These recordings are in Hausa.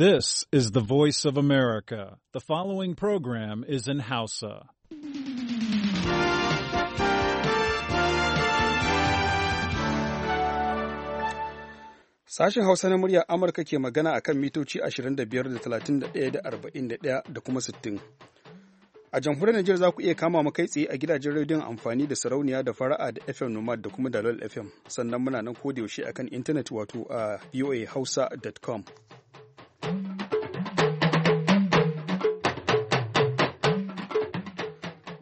This is the voice of America. The following program is in Hausa. Sashen Hausa na muryar Amurka ke magana akan mitoci 25 da 31 da 41 da kuma 60. A jamhuriyar Najeriya za ku iya kama mu kai tsaye a gidajen rediyon amfani da sarauniya da fara'a da FM Nomad da kuma Dalol FM. Sannan muna nan kodayaushe akan intanet wato a voahausa.com.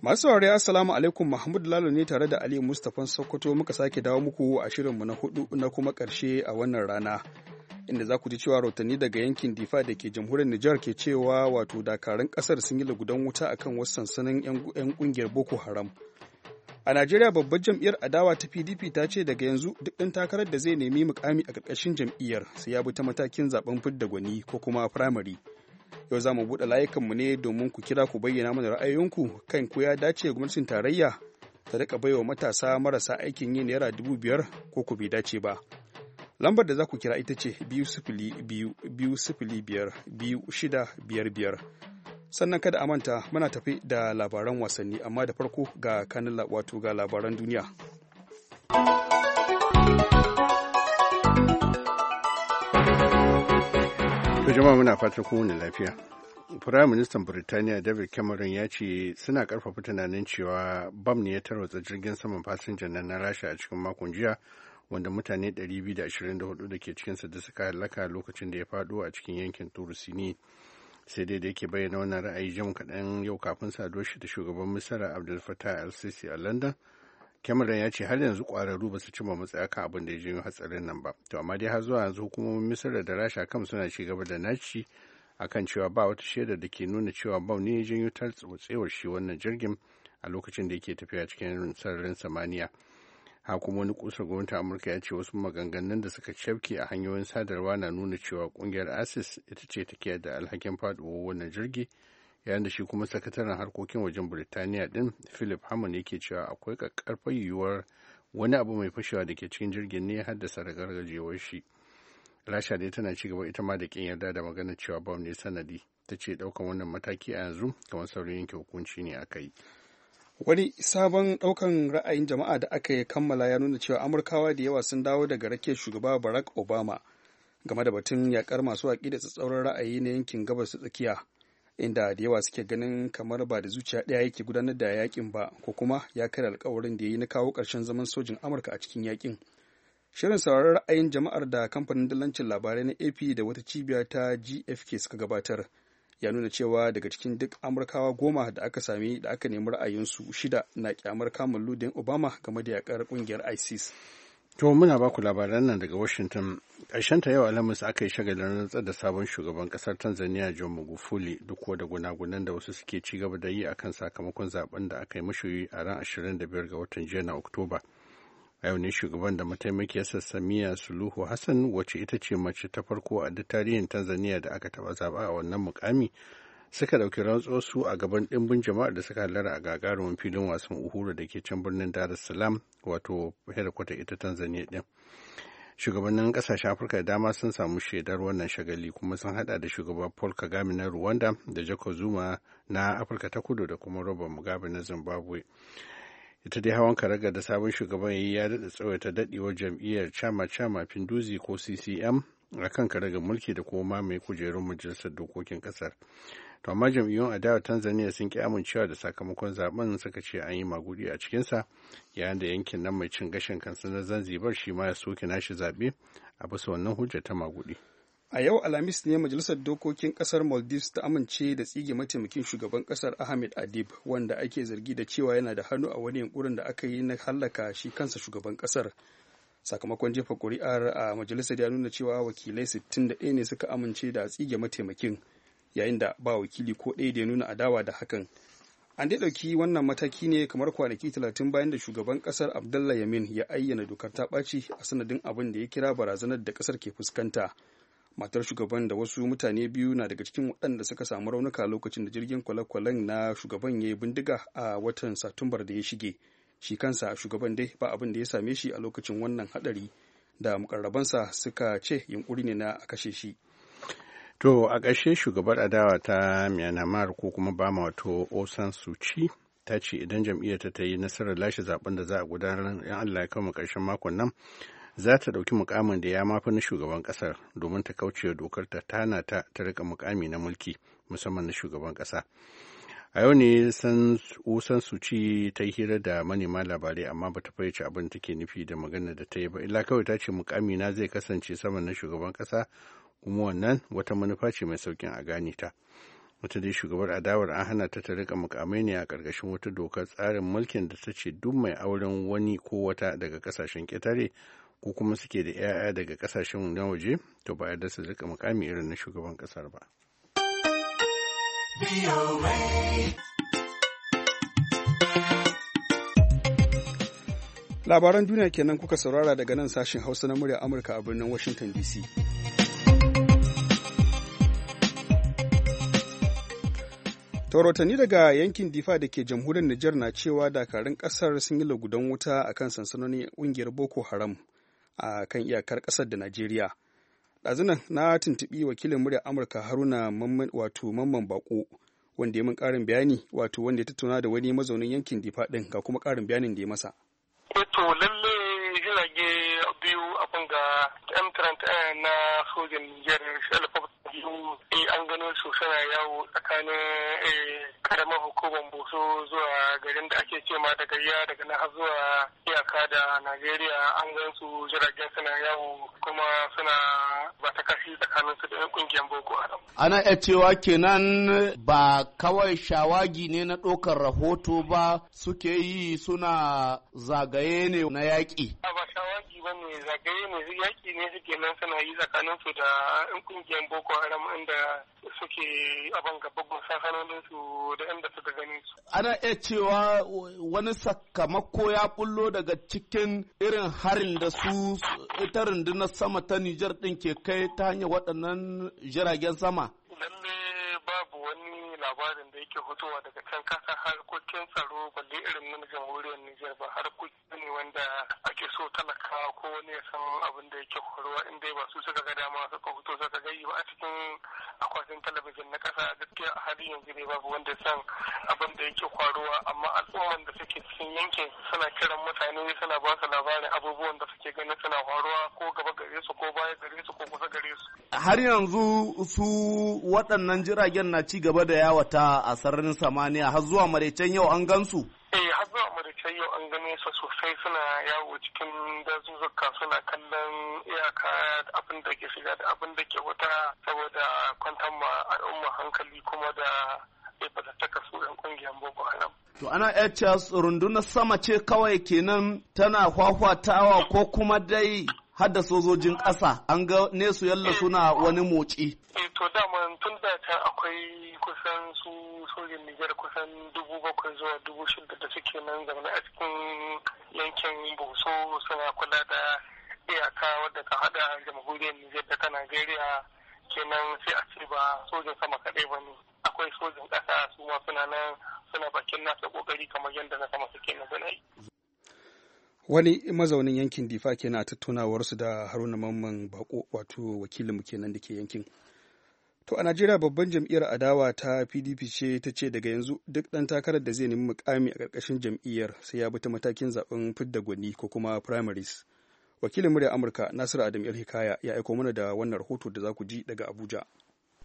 Masu saurari Assalamu alaikum Mahmud Lalo ne tare da Ali Mustapha Sokoto muka sake dawo muku a mu na hudu na kuma karshe a wannan rana. Inda za ku ji cewa rautanni daga yankin Difa da ke jamhuriyar Nijar ke cewa wato dakarun kasar sun yi lagudan wuta akan wasu sansanin 'yan kungiyar Boko Haram. A Najeriya babbar jam'iyyar adawa ta PDP ta ce daga yanzu duk ɗan takarar da zai nemi mukami a ƙarƙashin jam'iyyar sai ya bi ta matakin zaben fidda gwani ko kuma firamare. yau za mu buɗe layukanmu ne domin ku kira ku bayyana mana ra'ayoyinku kan ku ya dace gwamnatin tarayya ta rika baiwa matasa marasa aikin yi naira dubu biyar ko ku bai dace ba lambar da za ku kira ita ce biyu sifili biyu biyu sifili biyar biyu shida biyar biyar sannan kada a manta muna tafi da labaran wasanni amma da farko ga kanin wato ga labaran duniya To jama'a muna fatan kowane lafiya. prime minister Burtaniya David Cameron ya ce suna karfafa tunanin cewa bam ne ya tarwatsa jirgin saman fasinjan na Rasha a cikin makon jiya wanda mutane 224 da ke cikinsa da suka halaka lokacin da ya fado a cikin yankin Turusini. Sai dai da yake bayyana wannan ra'ayi jam kaɗan yau kafin saduwar shi da shugaban Misira Abdul fatah el-Sisi a London. cameron ya ce har yanzu kwararru ba su cimma matsaya kan abin da ya janyo hatsarin nan ba to amma dai har zuwa yanzu hukumomin misir da rasha kam suna ci gaba da naci akan cewa ba wata shaida da ke nuna cewa bam ne ya janyo tsotsewar shi wannan jirgin a lokacin da yake tafiya cikin sararin samaniya hakuma wani kusur gwamnatin amurka ya ce wasu maganganun da suka cafke a hanyoyin sadarwa na nuna cewa kungiyar asis ita ce take da alhakin faduwar wannan jirgi yayin da shi kuma sakataren harkokin wajen Birtaniya din Philip Hammond yake cewa akwai kakkarfar yiwuwar wani abu mai fashewa da ke cikin jirgin ne ya haddasa ragargajewar shi. Rasha dai tana ci gaba ita ma da kin yarda da magana cewa bam ne sanadi ta ce daukan wannan mataki a yanzu kamar sauran yanke hukunci ne aka yi. Wani sabon daukan ra'ayin jama'a da aka yi kammala ya nuna cewa Amurkawa da yawa sun dawo daga rake shugaba Barack Obama game da batun yakar masu da tsatsauran ra'ayi na yankin gabas tsakiya. inda da yawa suke ganin kamar ba da zuciya ɗaya yake gudanar da yakin ba ko kuma ya kai alkawarin da ya yi na kawo ƙarshen zaman sojin amurka a cikin yakin shirin sauraron ra'ayin jama'ar da kamfanin dalancin labarai na ap da wata cibiya ta gfk suka gabatar ya nuna cewa daga cikin duk amurkawa goma da aka sami da aka nemi ra'ayinsu shida na kyamar kamun ludin obama game da yakar kungiyar isis To muna ba ku labaran nan daga Washington. ta yau Alhamis aka yi shagalin rantsar da sabon shugaban ƙasar Tanzania John Magufuli duk da gunagunan da wasu suke ci gaba da yi a kan sakamakon zaben da aka yi mashi a ran 25 ga watan jiya na Oktoba. A yau ne shugaban da mataimakiyarsa Samiya Suluhu Hassan wacce ita ce mace ta farko a duk tarihin Tanzania da aka taɓa zaɓa a wannan mukami suka ɗauki su a gaban dimbin jama'ar da suka halara a gagarumin filin wasan uhuru da ke can birnin dar es salaam wato hedikwata ita tanzania din. shugabannin kasashen afirka da dama sun samu shaidar wannan shagali kuma sun hada da shugaban paul kagame na rwanda da jacob zuma na afirka ta kudu da kuma robert mugabe na zimbabwe ita dai hawan karagar da sabon shugaban ya yi ya daɗa tsawaita daɗewar jam'iyyar chama chama pinduzi ko ccm a kan karagar mulki da kuma mai kujerun majalisar dokokin ƙasar to amma jam'iyyun adawa tanzania sun ki amincewa da sakamakon zaben suka ce an yi magudi a cikinsa yayin da yankin nan mai cin gashin kansa na zanzibar shi ma ya soke nashi zaɓe a bisa wannan hujja ta magudi a yau alhamis ne majalisar dokokin kasar maldives ta amince da tsige mataimakin shugaban kasar ahmed adib wanda ake zargi da cewa yana da hannu a wani yunkurin da aka yi na hallaka shi kansa shugaban kasar sakamakon jefa kuri'ar a majalisar ya nuna cewa wakilai 61 ne suka amince da tsige mataimakin yayin da ba wakili ko ɗaya da ya nuna adawa da hakan an dai ɗauki wannan mataki ne kamar kwanaki talatin bayan da shugaban ƙasar abdullah yamin ya ayyana dokar ta ɓaci a sanadin abin da ya kira barazanar da ƙasar ke fuskanta matar shugaban da wasu mutane biyu na daga cikin waɗanda suka samu raunuka lokacin da jirgin kwale-kwalen na shugaban ya yi bindiga a watan satumbar da ya shige shi kansa shugaban dai ba abin da ya same shi a lokacin wannan haɗari da mukarrabansa suka ce yunkuri ne na a kashe shi To a ƙarshe shugabar adawa ta Myanmar ko kuma ma wato Osan Suci ta ce idan jam'iyyar ta yi nasarar lashe zaben da za a gudanar yan Allah ya kama ƙarshen makon nan za ta ɗauki mukamin da ya mafi na shugaban ƙasar domin ta kaucewa dokar ta tana ta ta rika mukami na mulki musamman na shugaban ƙasa. A yau ne san Suci ta yi hira da manema labarai amma ba ta fahimci abin da take nufi da magana da ta yi ba illa kawai ta ce mukami na zai kasance saman na shugaban ƙasa kuma wannan wata manufa ce mai saukin a gane ta wata dai shugabar adawar an hana ta ta rika mukamai ne a ƙarƙashin wata dokar tsarin mulkin da ta ce duk mai auren wani ko wata daga kasashen ƙetare ko kuma suke da 'ya'ya daga ƙasashen na waje to ba da su rika mukami irin na shugaban ƙasar ba. Labaran duniya kenan kuka saurara daga nan sashen Hausa na murya Amurka a birnin Washington DC. To daga yankin Difa da ke jamhuriyar Nijar na cewa dakarun kasar sun yi lagudan wuta a kan sansanonin kungiyar Boko Haram a kan iyakar kasar da Najeriya. Ɗazunan na tuntuɓi wakilin murya Amurka Haruna wato Mamman Bako wanda ya min ƙarin bayani wato wanda ya tattauna da wani mazaunin yankin Difa ɗin ga kuma karin bayanin da ya masa. wato eh, lalle jirage biyu abin ga m na sojin e an gano su suna yawo tsakanin eh, karamar hukumar boso zuwa garin da ake ce ma daga ya daga na har zuwa iyaka da najeriya an gan su jiragen suna yawo kuma suna ba ta kashi tsakanin su da yan kungiyar boko haram ana iya cewa kenan ba kawai shawagi ne na ɗaukar rahoto ba suke yi suna zagaye ne na yaƙi ba shawagi zan ne zagaye ne yaki ne suke nan suna yi tsakanin su da yan kungiyar boko haram inda suke abin gaba gusa su da inda suka gani su. ana iya cewa wani sakamako ya bullo daga cikin irin harin da su ita rundunar sama ta nijar din ke kai ta hanyar waɗannan jiragen sama. lallai wani labarin da yake fitowa daga can kasa harkokin tsaro balle irin na jamhuriyar Nijar ba harkoki ne wanda ake so talakawa ko wani ya san abin da yake horowa in dai ba su suka ga dama suka fito suka gayi ba a cikin akwai gidajen talabijin na ƙasa gaskiya a hali yanzu ne babu wanda san abin da yake kwaruwa amma al'umman da suke cikin yankin suna kiran mutane suna ba su labarin abubuwan da suke ganin suna kwaruwa ko gaba gare su ko baya gare su ko kusa gare su. Har yanzu su waɗannan jiragen na ci gaba da yawata a sararin samaniya har zuwa maraicen yau an gansu. yau an gane su sosai suna yawo cikin dazuzzuka suna kallon iyaka abin da ke shiga da abin da ke wuta saboda kwantar ma al'umma hankali kuma da ibadataka su yan kungiyar boko haram. To ana iya rundunar sama ce kawai kenan tana hwahwatawa ko kuma dai har da sojojin ƙasa an ga nesu yalla suna wani motsi. Eh to daman tun da ta akwai kusan su sojin Nijar kusan dubu bakwai zuwa dubu shida da suke nan zaune a cikin yankin Boso suna kula da iyaka wadda ta hada jamhuriyar Nijar da ta Najeriya kenan sai a ce ba sojin sama kaɗai ba ne. Akwai sojin ƙasa su ma suna nan suna bakin nasa ƙoƙari kamar yadda na sama suke na zanayi. wani mazaunin yankin difa kenan a su da haruna mamman bako wato wakilin wakilinmu kenan da ke yankin to a najeriya babban jam'iyyar adawa ta pdp ce ta ce daga yanzu duk ɗan takarar da zai nemi mukami a karkashin jam'iyyar sai ya bi ta matakin zaben fidda gwani ko kuma primaries wakilin murya amurka nasiru adam hikaya ya aiko mana da wannan rahoto da za ku ji daga abuja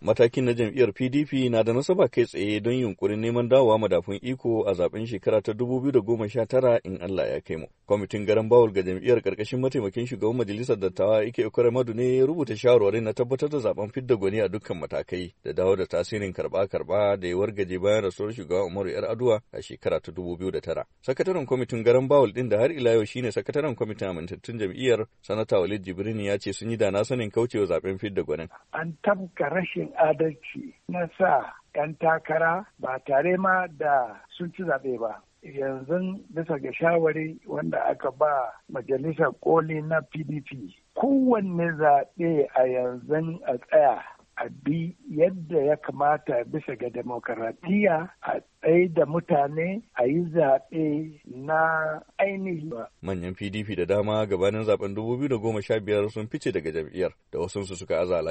Matakin na jam'iyyar PDP na da nasaba kai tsaye don yunkurin neman dawowa madafun iko a zaben shekara ta goma sha tara in Allah ya kai mu. Kwamitin garan bawul ga jam'iyyar karkashin mataimakin shugaban majalisar dattawa Ike Okore Madu ne ya rubuta shawarwari na tabbatar da zaben fidda gwani a dukkan matakai da dawo da tasirin karba-karba da ya wargaje bayan rasuwar shugaban Umaru 'yar aduwa a shekara ta da tara Sakataren kwamitin garan bawul din da har ila yau shine sakataren kwamitin amintattun jam'iyyar Sanata Walid Jibrin ya ce sun yi da na sanin kaucewa zaben fidda gwanin. An tabka rashin adalci na sa 'yan takara ba tare ma da sun ci zaɓe ba. Yanzu bisa ga shawari wanda aka ba majalisar koli na PDP kowanne zaɓe a yanzu a tsaya a bi yadda ya kamata bisa ga demokaradiyya a tsaye da mutane a yi zaɓe na ainihi ba. Manyan PDP da dama gabanin zaben 2015 sun fice daga jam'iyyar da wasu su suka aza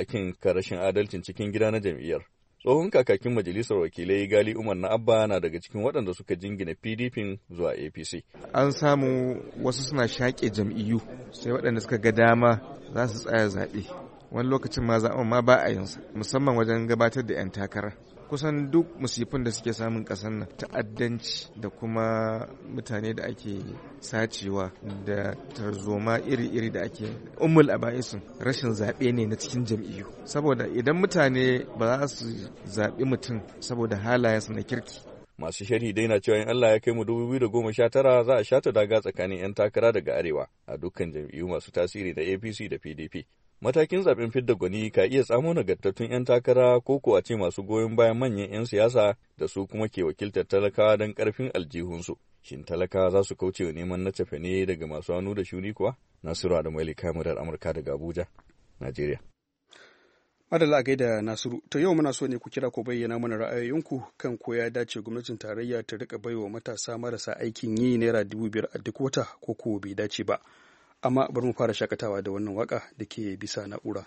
ka rashin adalcin cikin gida na jam'iyyar. Tsohon kakakin majalisar wakilai Gali Umar na Abba na daga cikin waɗanda suka jingina PDP zuwa APC. An samu wasu suna shaƙe jam'iyyu sai waɗanda suka ga dama za su tsaya zaɓe. wani lokacin ma zaɓen ma ba a yinsa musamman wajen gabatar da 'yan takara kusan duk musifin da suke samun ƙasar nan ta'addanci da kuma mutane da ake sacewa da tarzoma iri-iri da ake umul a bayansu rashin zaɓe ne na cikin jam'iyyu saboda idan mutane ba za su zaɓi mutum saboda halayensa na kirki masu shari dai na cewa in Allah ya kai mu 2019 za a shata daga tsakanin 'yan takara daga arewa a dukkan jam'iyyu masu tasiri da APC da PDP matakin zaben fidda gwani ka iya tsamo nagartattun 'yan takara ko kuwa ce masu goyon bayan manyan 'yan siyasa da su kuma ke wakiltar talakawa don karfin aljihunsu. Shin talakawa za su kauce wa neman na tafe ne daga masu hannu da shuni kuwa? Nasiru Adamaili kamarar Amurka daga Abuja, Najeriya. Madalla a gaida Nasiru, ta yau muna so ne ku kira ku bayyana mana ra'ayoyinku kan ko ya dace gwamnatin tarayya ta riƙa baiwa matasa marasa aikin yi naira dubu biyar a duk wata ko ko bai dace ba. amma bari mu fara shakatawa da wannan waka da ke bisa na'ura.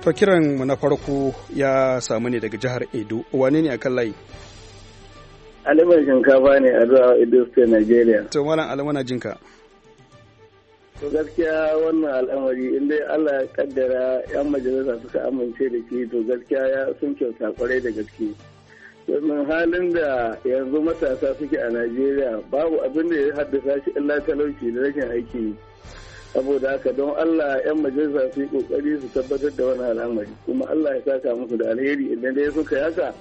To kiran mu na farko ya samu ne daga jihar Edo. Wane ne akan layi? Alimar shinkafa ne a zuwa Edo State, Nigeria. To malam alamana jinka. To gaskiya wannan al'amari in dai Allah ya kaddara 'yan majalisa suka amince da shi to gaskiya ya sun kyauta kwarai da gaske. domin halin da yanzu matasa suke a Najeriya babu abin da ya haddasa shi illa talauci da rashin aiki. saboda haka don Allah 'yan majalisa su yi kokari su tabbatar da wani al'amari kuma Allah ya saka musu da alheri idan dai suka yi haka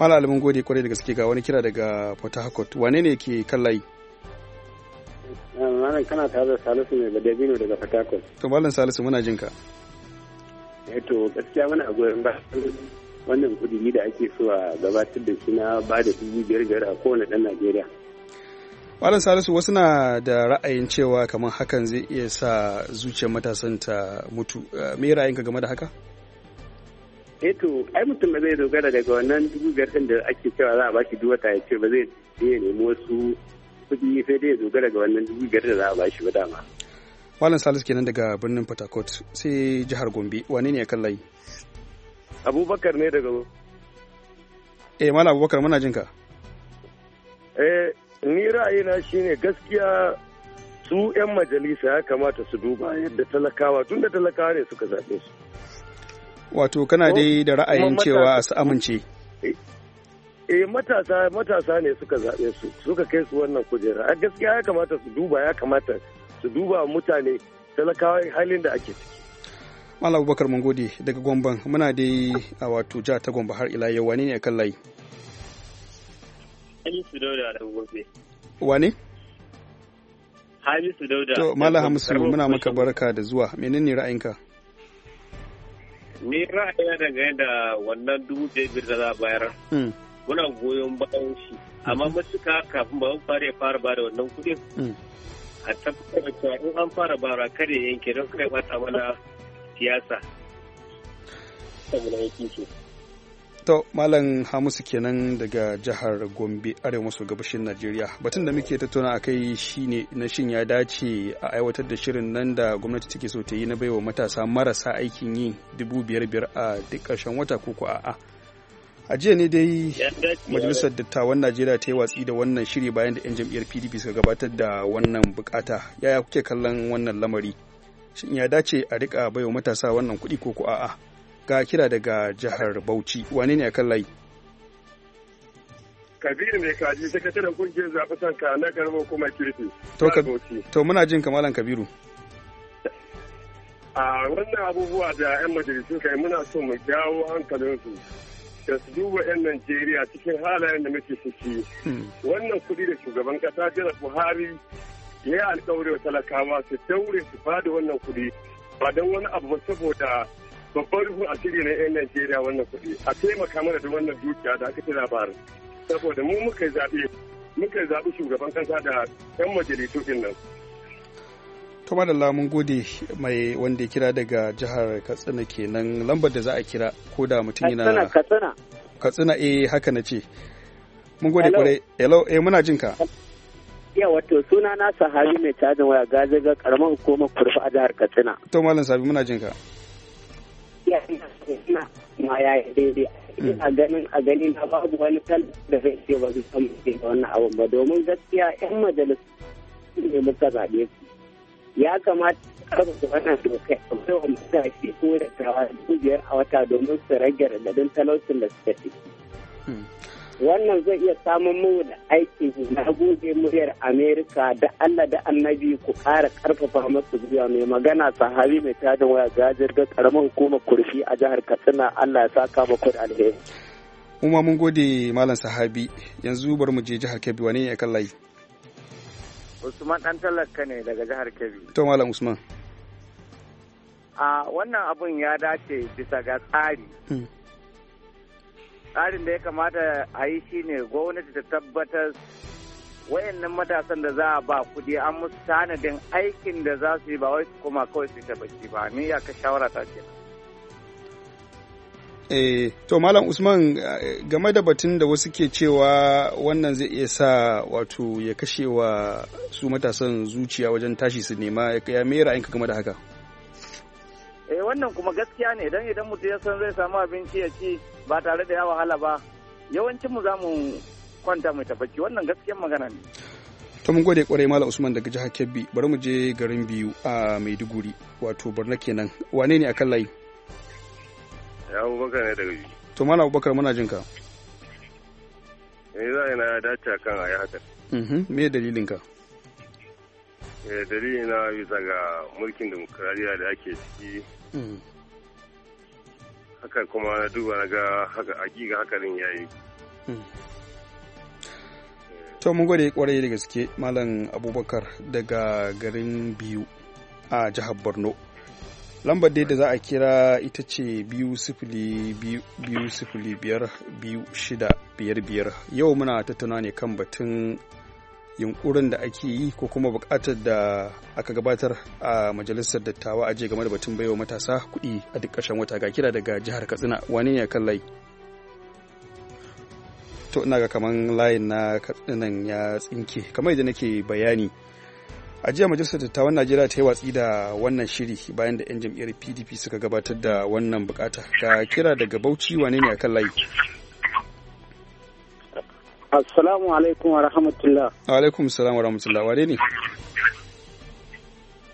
malamin gode kwarai da gaske ga wani kira daga Port Harcourt wane ne ke kan layi malam kana tare da Salisu ne da Dabino daga Port Harcourt to malam Salisu muna jin ka eh to gaskiya muna goyon ba wannan kudi da ake so a gabatar da shi na ba da dubu biyar biyar a kowane dan Najeriya Malam Salisu wasu na da ra'ayin cewa kamar hakan zai iya sa zuciyar matasan ta mutu. Eh, me ra'ayinka game da haka? Eto, eh ai mutum ba zai dogara daga wannan dubu biyar ɗin da ake cewa za a ba shi duwata ya ce ba zai iya nemi wasu kuɗi sai dai ya dogara ga wannan dubu biyar da za a ba shi ba dama. Malam Salisu kenan daga birnin Port sai jihar Gombe wane ne ya kan layi? Abubakar ne daga Eh Malam Abubakar muna jinka. Eh ni ra'ayina shine gaskiya su 'yan majalisa ya kamata su duba yadda talakawa tun da talakawa ne suka zaɓe su wato kana dai da ra'ayin cewa su amince eh, eh matasa matasa ne suka zaɓe su suka kai su wannan kujera a gaskiya ya kamata su duba ya kamata su duba mutane talakawa halin da ake ciki Malam Abubakar mun gode daga gwamban muna dai a wato jihar ta Gombe har ila yau wani ne akan layi Hamisu Dauda da gobe. Hamisu Dauda. To, Mala Hamisu muna maka barka da zuwa. Menene ra'ayinka? Ni ra'ayina dangane da wannan dubu da da za a bayar. Hmm. Muna goyon bayan shi. Amma hmm. matuka kafin ba fara ya fara ba da wannan kuɗin. Hmm. A tabbatar da cewa in an fara bara kada yanke don kai bata mana siyasa. Saboda yankin shi. To, Malam Hamisu kenan daga jihar Gombe, arewa maso gabashin Najeriya. Batun da muke tattauna a kai shine na shin ya dace a aiwatar da shirin nan da gwamnati take so ta yi na baiwa matasa marasa aikin yi dubu biyar biyar a duk ƙarshen wata ko a'a. A jiya ne dai Majalisar Dattawan Najeriya ta yi watsi da wannan shiri bayan da 'yan jam'iyyar PDP suka gabatar da wannan bukata. Yaya kuke kallon wannan lamari? Shin ya dace a rika baiwa matasa wannan kuɗi ko a a'a? ga kira daga jihar Bauchi wane ne akan layi Kabiru mai kaji sakataren kungiyar zaɓi ka na garba kuma kirki. To, muna jin kamalan Kabiru. A wannan abubuwa da 'yan majalisu kai muna so mu jawo hankalinsu da su duba 'yan Najeriya cikin halayen da muke ciki. Hmm. Wannan kuɗi da shugaban ƙasa Jira Buhari ya yi alkawari wa talakawa su daure su bada wannan kuɗi ba don wani abu saboda babban ruhu a na 'yan Najeriya wannan kuɗi a taimaka mana da wannan dukiya da aka ce labarin saboda mu muka zaɓe muka zaɓi shugaban kasa da 'yan majalisu din nan. To madalla mun gode mai wanda ya kira daga jihar Katsina kenan lambar da za a kira ko da mutum yana Katsina Katsina eh haka na ce. Mun gode kwarai. Hello eh muna jin ka. iya wato suna na sahabi mai cajin waya gaje ga karamar hukumar kurfa a jihar katsina to malam sabi muna jin ka kuma ma ya yi daidai a hmm. ganin a gani na babu wani tal da zai ce ba su san da wannan abun ba domin gaskiya yan majalis ne muka zaɓe su ya kamata karfa su wannan dokai a kai wa matashi ko da tawa biyar a wata domin su rage radadin talaucin da suka ciki. Hmm. wannan zai iya samun mu da aikin na gode muryar amerika da allah da annabi ku kara karfafa masu zuwa mai magana sahabi mai tajin waya gajir da ƙaramin hukumar kurfi a jihar katsina allah ya saka maku da alheri umar mun gode malam sahabi yanzu bar mu je jihar kebbi wani ya kan layi usman dan talaka ne daga jihar kebbi to malam usman a wannan abun ya dace bisa ga tsari hmm. tsarin da ya kamata a yi ne gwamnati ta tabbatar wayannan matasan da za a ba kudi an musu tanadin aikin da za su yi ba wai su koma kawai su ta ba ni ya ka shawara ta ce Eh, to Malam Usman game da batun da wasu ke cewa wannan zai iya sa wato ya kashewa su matasan zuciya wajen tashi su nema ya in ra'ayinka game da haka? eh wannan kuma gaskiya ne idan idan mutum ya san zai samu abinci ya ci ba tare da ya wahala ba yawancin mu mu kwanta mai tabbaci wannan gaskiyar magana ne to mun gode kwarai malam usman daga jihar kebbi bari mu je garin biyu a maiduguri wato borno kenan wane ne akan layi ya abubakar ne daga biyu to malam abubakar muna jin ka me za a yi na dace kan a yi hakan mhm. me dalilin ka Eh, dalili na bisa ga mulkin demokuraɗiyya da ake ciki hmm. haka kuma na duba na ga haka hakika hakarin yayi hmm. eh. to mun gode kwarai da gaske malam abubakar daga garin biyu a jihar borno lambar dai da za a kira ita ce biyu sifili biyu sifili biyar biyu shida biyar biyar yau muna tattauna ne kan batun yunkurin da ake yi ko kuma bukatar da aka gabatar a majalisar dattawa a game da batun baiwa matasa kuɗi a duk ƙarshen wata ga kira daga jihar katsina wane ne kan layi to ina ga kaman layin na katsinan ya tsinke kamar yadda nake bayani a jiya majalisar dattawan najeriya ta yi watsi da wannan shiri bayan da 'yan jam'iyyar pdp suka gabatar da wannan bukata ga kira daga bauchi wane ne akan layi Assalamu alaikum wa rahmatullah. Wa alaikum salam wa rahmatullah. Wane ne?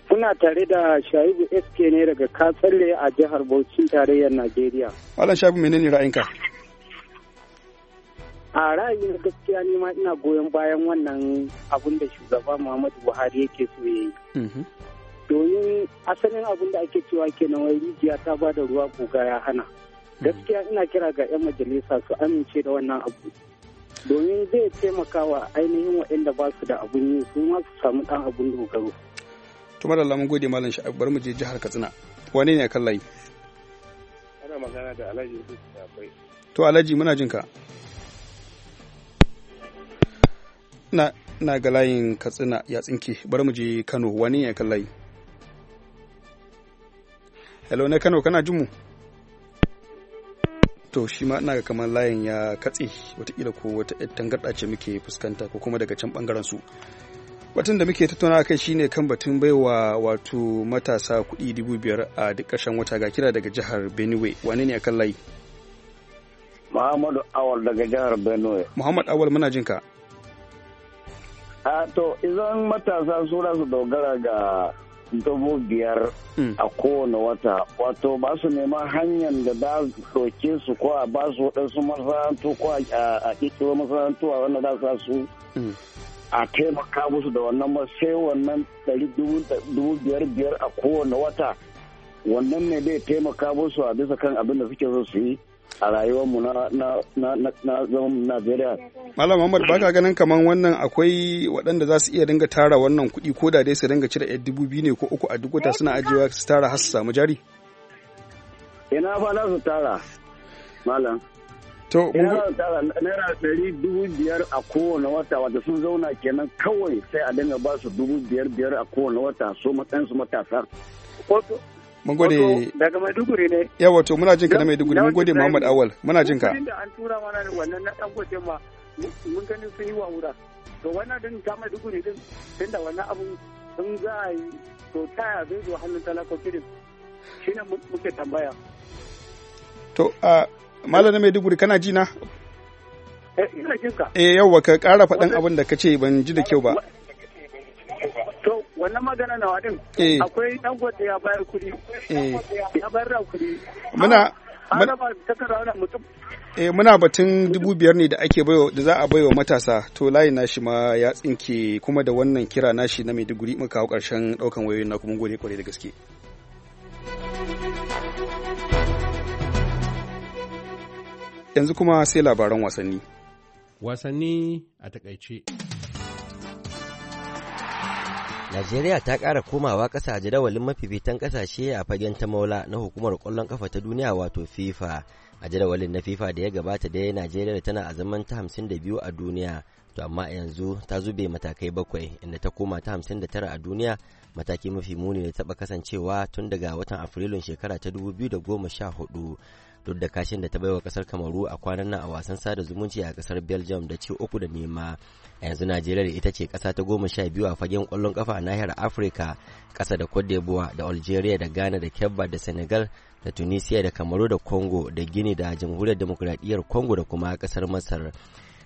Kuna tare da Shaibu SK ne daga Katsalle a jihar Bauchi tarayyar Najeriya. Malam Shaibu menene ra'ayinka? A ra'ayin gaskiya ne ma ina goyon bayan wannan abun da shugaba Muhammadu Buhari yake so ya yi. Mhm. Domin asalin abun da ake cewa kenan wai rijiya ta ba da ruwa goga ya hana. Mhm. Gaskiya ina kira ga 'yan majalisa su amince da wannan abu. domin zai taimaka wa ainihin waɗanda ba su da abun yi su ma su samu ɗan abun dogaro. Tumar Allah mun gode Malam Sha'ib bari mu je jihar Katsina. Wane ne kan layi? Ana magana da Alhaji Yusuf Safai. To Alhaji muna jinka. Na na ga layin Katsina ya tsinke bari mu je Kano wane ne kan layi? Hello na Kano kana jin mu? to shi ma ina ga kamar layin ya katse watakila ko wata tangarɗa ce muke fuskanta ko kuma daga can bangaren su batun da muke tattauna kai shine kan batun baiwa wato matasa kuɗi dubu biyar a duk ƙarshen wata ga kira daga jihar benue wane ne akan layi muhammadu awal daga jihar benue muhammad awal muna jin ka a to idan matasa su dogara ga dubu biyar hmm. a kowane wata wato ba su nema hanyar da za doke su ko a ba su waɗansu masarantu ko a ƙirƙiro masarantu a wanda za su su hmm. a taimaka musu da wannan ba sai wannan ɗari dubu biyar biyar a kowane wata wannan ne zai taimaka musu a bisa kan abin da suke so su yi a rayuwarmu na zaman Najeriya. Malam Muhammad baka ganin kaman wannan akwai waɗanda za su iya dinga tara wannan kuɗi ko da dai su dinga cire yar dubu biyu ne ko uku a duk wata suna ajiyewa su tara har su samu jari? Ina fa na su tara, Malam. To, Ina za su tara naira ɗari dubu biyar a kowane wata wata sun zauna kenan kawai sai a dinga ba su dubu biyar biyar a kowane wata so matsayin su matasa. mun gode daga maiduguri ne yawa to muna jinka na maiduguri mun gode muhammad awal muna jinka da an tura mana wannan na dangote ma mun gani sun yi wa'ura to wannan din ta maiduguri din tunda wannan abun sun za a yi to ta ya zai zo hannun talakoki din shine muke tambaya to a malamin maiduguri kana ji na eh ina jinka eh yawa ka kara faɗan abin da ka ce ban ji da kyau ba wannan magana na wadin eh. akwai dangote ya bayar kuɗi eh. ya bayar da kuɗi muna Eh muna batun dubu biyar ne da ake baiwa da za a baiwa matasa to layi nashi ma ya tsinke kuma da wannan kira nashi na Maiduguri muka hau karshen daukan wayoyin na kuma gode kwarai da gaske. Yanzu kuma sai labaran wasanni. Wasanni a takaice. Najeriya ta kara komawa ƙasa jadawalin mafifitan kasashe a fagen ta maula na hukumar kwallon kafa ta duniya wato FIFA. A jadawalin na FIFA da ya gabata dai Najeriya tana a zaman ta hamsin da biyu a duniya, to amma yanzu ta zube matakai bakwai inda ta koma ta hamsin da tara a duniya mataki mafi muni da taɓa kasancewa tun daga watan Afrilun shekara ta dubu duk da kashin da ta baiwa kasar kamaru a kwanan nan a wasan sada zumunci a kasar belgium da ci uku da nema a yanzu najeriya ita ce kasa ta goma sha biyu a fagen kwallon kafa a nahiyar afirka kasa da cote d'ivoire da algeria da ghana da kebba da senegal da tunisia da kamaru da congo da gini da jamhuriyar demokuraɗiyyar congo da kuma kasar masar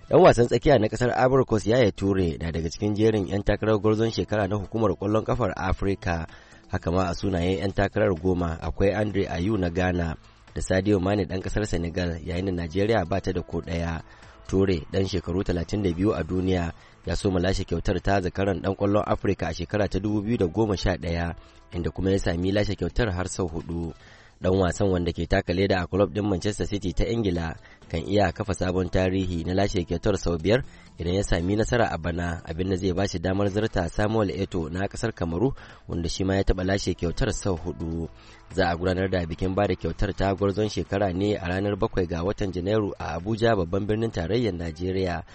dan wasan tsakiya na kasar abrakos yaya ture na daga cikin jerin 'yan takarar gwarzon shekara na hukumar kwallon kafar afirka haka ma a sunayen 'yan takarar goma akwai andre ayu na ghana da Sadio Mane dan kasar Senegal yayin da Najeriya ba ta da ko daya Ture dan shekaru 32 a duniya ya so lashe kyautar ta zakaran dan kwallon Afirka a shekara ta 2011 inda kuma ya sami lashe kyautar har sau hudu. dan wasan wanda ke taka leda a club din Manchester City ta Ingila kan iya kafa sabon tarihi na lashe kyautar sau biyar idan ya sami nasara a bana abin da zai ba shi damar zarta Samuel Eto na kasar Kamaru wanda shi ma ya taba lashe kyautar sau hudu za a gudanar da bikin bada kyautar ta gwarzon shekara ne a ranar bakwai ga watan Janairu a Abuja babban birnin tarayyar Najeriya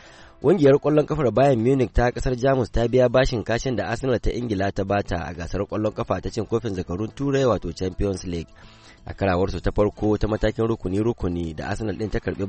Ƙungiyar ƙwallon kafar Bayern Munich ta ƙasar Jamus ta biya bashin kashin da Arsenal ta Ingila ta bata a gasar kwallon kafa ta cin kofin zakarun Turai wato Champions League. a karawarsu ta farko ta matakin rukuni-rukuni da arsenal din ta karbi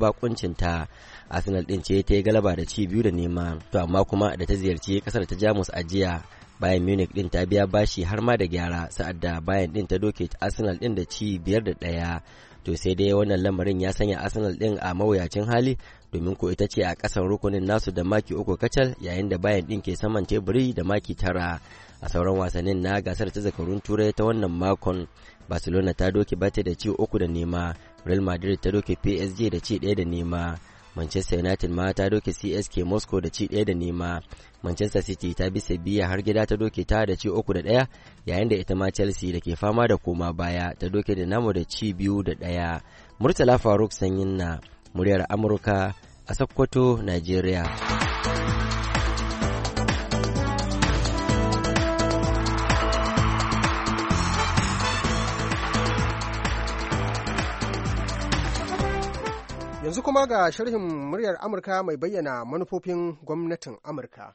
ta arsenal din ce ta yi galaba da ci biyu da nema to amma kuma da ta ziyarci kasar ta jamus a jiya bayan munich din ta biya bashi har ma da gyara sa'ad da bayan din ta doke arsenal din da ci biyar da ɗaya to sai dai wannan lamarin ya sanya arsenal din a mawuyacin hali domin ko ita ce a kasan rukunin nasu da maki uku kacal yayin da bayan din ke saman teburi da maki tara a sauran wasannin na gasar ta zakarun turai ta wannan makon barcelona ta doke bata da ci uku da nema real madrid ta doke psg da ci ɗaya da nema manchester united ma ta doke csk moscow da ci ɗaya da nema manchester city ta bi sabiya har gida ta doke ta da ci uku da ɗaya yayin da ita ma chelsea da ke fama da koma baya ta doke da namo da ci biyu da ɗaya murtala faruk sanyin na muryar amurka a sokoto nigeria Yanzu kuma ga sharhin muryar Amurka mai bayyana manufofin gwamnatin Amurka.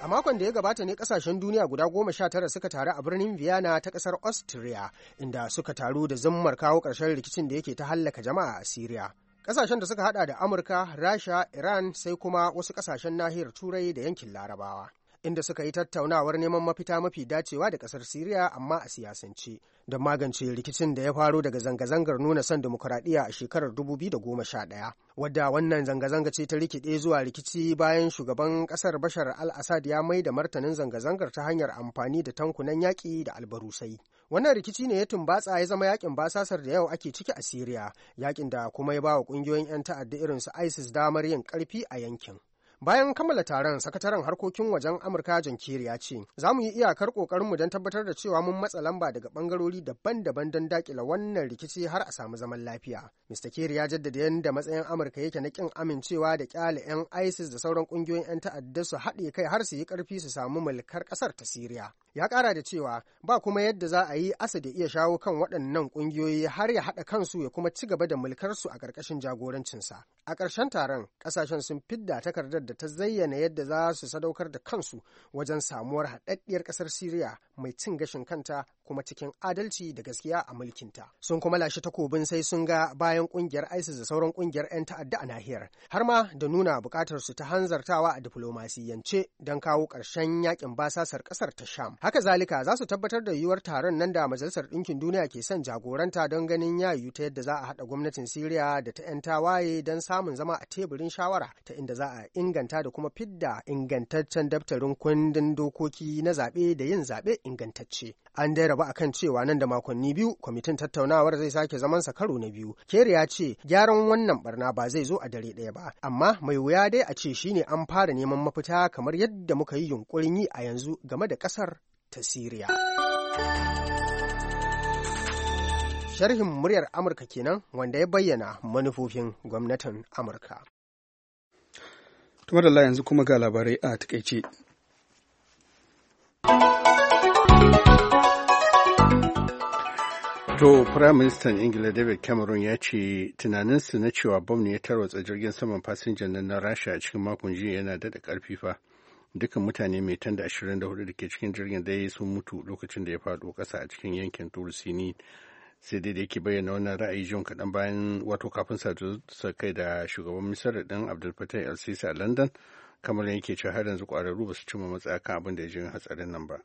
A makon da ya gabata ne kasashen duniya guda goma sha tara suka taru a birnin Vienna ta kasar Austria, inda suka taru da zammar kawo ƙarshen rikicin da yake ta hallaka jama'a a Siriya. Kasashen da suka hada da Amurka, Rasha, Iran sai kuma wasu kasashen nahiyar Turai da yankin Larabawa. inda suka yi tattaunawar neman mafita mafi dacewa da kasar Siriya amma a siyasance don magance rikicin da ya faro daga zanga-zangar nuna son demokuraɗiyya a shekarar 2011 wadda wannan zanga-zanga ce ta rikide zuwa rikici bayan shugaban ƙasar Bashar al-Assad ya mai da martanin zanga-zangar ta hanyar amfani da tankunan yaƙi da albarusai. Wannan rikici ne ya tumbatsa ya zama yakin basasar da yau ake ciki a Siriya, yakin da kuma ya ba wa ƙungiyoyin 'yan ta'adda irin su ISIS damar yin ƙarfi a yankin. Bayan kammala taron, sakataren harkokin wajen Amurka John Kerry ya ce, "Za mu yi iyakar ƙoƙarinmu don tabbatar da cewa mun matsa lamba daga ɓangarori daban-daban don daƙila wannan rikici har a samu zaman lafiya." Mr. Kerry ya jaddada yadda matsayin Amurka yake na ƙin amincewa da ƙyale 'yan ISIS da sauran ƙungiyoyin 'yan ta'adda su haɗe kai har su yi ƙarfi su samu mulkar ƙasar ta Siriya. ya kara da cewa ba kuma yadda za a yi asad iya shawo kan waɗannan ƙungiyoyi har ya haɗa kansu ya kuma ci gaba da mulkarsu a ƙarƙashin jagorancinsa a ƙarshen taron ƙasashen sun fidda takardar da ta zayyana yadda za su sadaukar da kansu wajen samuwar haɗaɗɗiyar ƙasar siriya mai cin gashin kanta kuma cikin adalci da gaskiya a mulkinta. Sun kuma lashe takobin sai sun ga bayan kungiyar ISIS da sauran kungiyar 'yan ta'adda a nahiyar, har ma da nuna bukatar su ta hanzartawa a diplomasiyance don kawo ƙarshen yakin basasar ƙasar ta Sham. Haka zalika za su tabbatar da yiwuwar taron nan da Majalisar Ɗinkin Duniya ke son jagoranta don ganin ya yiwu ta yadda za a haɗa gwamnatin Siriya da ta 'yan tawaye don samun zama a teburin shawara ta inda za a inganta da kuma fidda ingantaccen daftarin kundin dokoki na zaɓe da yin zaɓe ingantacce. An daira rabu akan cewa nan da makonni biyu kwamitin tattaunawar zai sake zamansa karo na biyu kere ya ce gyaran wannan barna ba zai zo a dare ɗaya ba amma mai wuya dai a ce shine an fara neman mafita kamar yadda muka yi yunkurin yi a yanzu game da ƙasar ta siriya sharhin muryar amurka kenan wanda ya bayyana manufofin gwamnatin amurka. da yanzu kuma ga labarai a takaice. To, Firaministan Ingila David Cameron ya ce tunaninsu na cewa bom ne ya tarwatsa jirgin saman fasinjan nan na Rasha a cikin makon jiya yana daɗa ƙarfi fa. Dukan mutane mai tan da ashirin da hudu da ke cikin jirgin da ya sun mutu lokacin da ya faɗo kasa a cikin yankin Turusini. Sai dai da yake bayyana wannan ra'ayi jin kaɗan bayan wato kafin sa kai da shugaban Misar ɗin Abdul fatah El Sisi a London. Kamar yake ce har yanzu ƙwararru ba su cimma matsaya kan abin da ya ji hatsarin nan ba.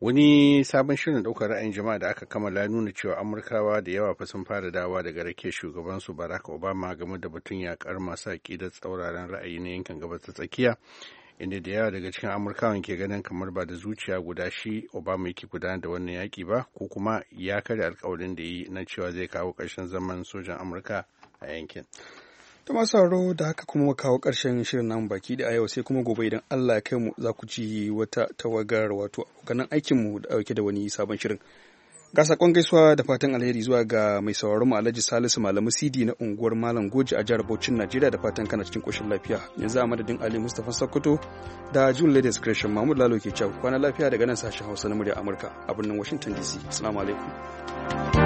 wani sabon shirin ɗaukar ra'ayin jama'a da aka kammala nuna cewa amurkawa da yawa fa sun fara dawa daga rake su barack obama game da batun yakar masu aƙidar tsauraran ra'ayi na yankin gabas ta tsakiya inda da yawa daga cikin amurkawan ke ganin kamar ba da zuciya guda shi obama yake gudanar da wannan yaƙi ba ko kuma ya karya alkawarin da yi na cewa zai kawo ƙarshen zaman sojan amurka a yankin ta masu da haka kuma kawo ƙarshen shirin namu baki da a yau sai kuma gobe idan Allah ya kai mu za ku ci wata tawagar wato abokanan aikinmu da auke da wani sabon shirin. Ga sakon gaisuwa da fatan alheri zuwa ga mai sauraron mu Alhaji Salisu Malamu Sidi na unguwar Malam Goji a jihar Bauchin Najeriya da fatan kana cikin koshin lafiya. Yanzu a madadin Ali Mustapha Sokoto da June Ladies Christian Mahmud Lalo ke cewa kwana lafiya daga nan sashen Hausa na murya Amurka a birnin Washington DC. Assalamu alaikum.